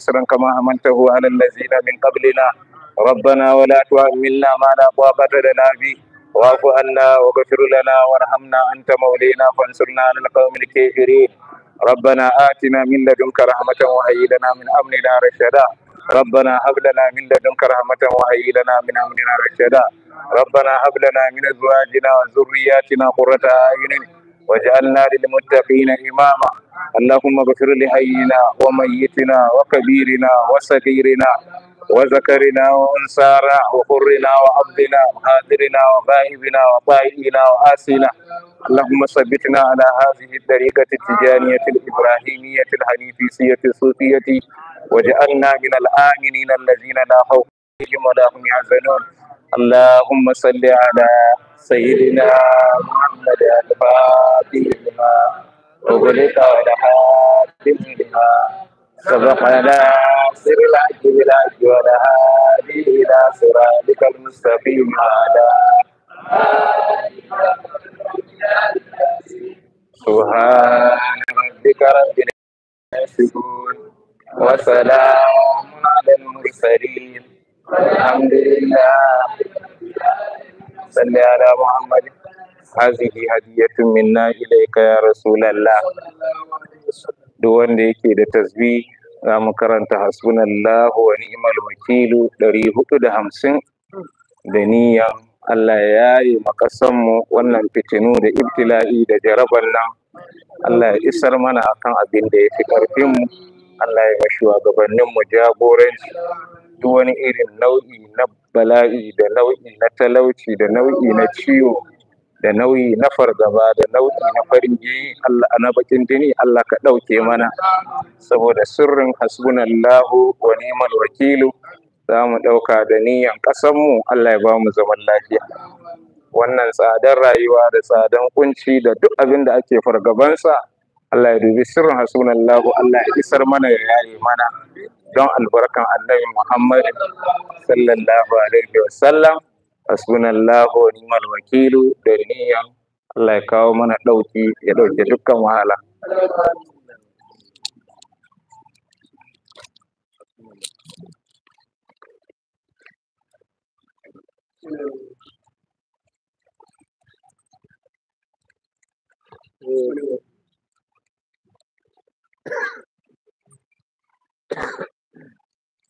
إسرا كما هملته على الذين من قبلنا ربنا ولا تحملنا ما لا طاقة لنا به واعف عنا واغفر لنا وارحمنا أنت مولينا فانصرنا على القوم الكافرين ربنا آتنا من لدنك رحمة وهيئ لنا من أمرنا رشدا ربنا هب لنا من لدنك رحمة وهيئ لنا من أمرنا رشدا ربنا هب لنا من أزواجنا وذرياتنا قرة أعين واجعلنا للمتقين إماما اللهم اغفر لحينا وميتنا وكبيرنا وصغيرنا وذكرنا وانصارا وحرنا وعبدنا وحاضرنا وغائبنا وطائنا وآسنا اللهم ثبتنا على هذه الطريقة التجانية الإبراهيمية الحنيفية الصوفية وجعلنا من الآمنين الذين لا خوف عليهم ولا هم يحزنون اللهم صل على Sayyidina Muhammad al-Fatihima Ubudita wa dahatimima Subhanallah Sirilah jubilah juadah Dihila surah Dikal mustafi ma'ala Subhanallah Dikal mustafi ma'ala Subhanallah Dikal صل على محمد هذه هدية منا إليك يا رسول الله duk wanda yake da tasbi za mu karanta hasbunallahu wa ni'mal wakilu ɗari hudu da hamsin da niyya Allah ya yi mu wannan fitinu da ibtila'i da jarabar nan Allah ya isar mana akan abin da ya fi ƙarfinmu Allah ya ga shugabanninmu jagoranci duk wani irin nau'i na bala'i da nau'i na talauci da nau'i na ciwo da nau'i na fargaba da nau'i na farin jini Allah na bakin jini Allah ka ɗauke mana saboda sirrin hasbunallahu wa ni'mal wakilu za mu ɗauka da niyan ƙasanmu Allah ya ba mu zaman lafiya wannan tsadar rayuwa da tsadan kunci da duk abin da ake fargabansa Allah ya dubi sirrin hasbunallahu Allah ya isar mana ya yaye mana don albarkan annabi Muhammad sallallahu alaihi wa sallam hasbunallahu wa ni'mal wakilu da niyya Allah ya kawo mana dauki ya dauke dukkan wahala Thank you.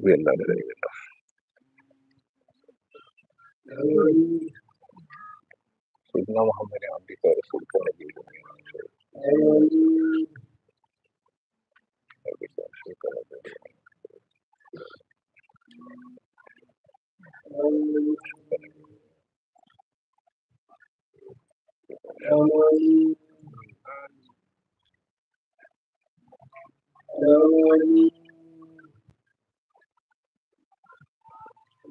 حسبي الله لا اله الا الله سيدنا محمد عبدك ورسولك ونبيك Thank you.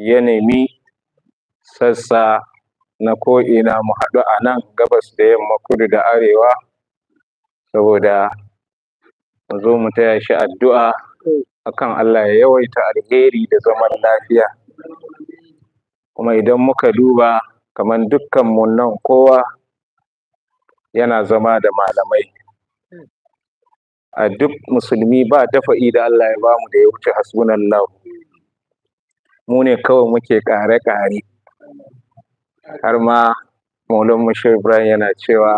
ya nemi sassa na ko'ina mu haɗu a nan gabas da yamma kudu da arewa saboda mu zo mu taya shi addu'a akan Allah ya yawaita alheri da zaman lafiya kuma idan muka duba kamar dukkan mu nan kowa yana zama da malamai a duk musulmi ba dafa'i da Allah ya bamu da ya wuce hasbunallahu mu ne kawai muke ƙare-ƙare har ma Maulan Bashir Ibrahim yana cewa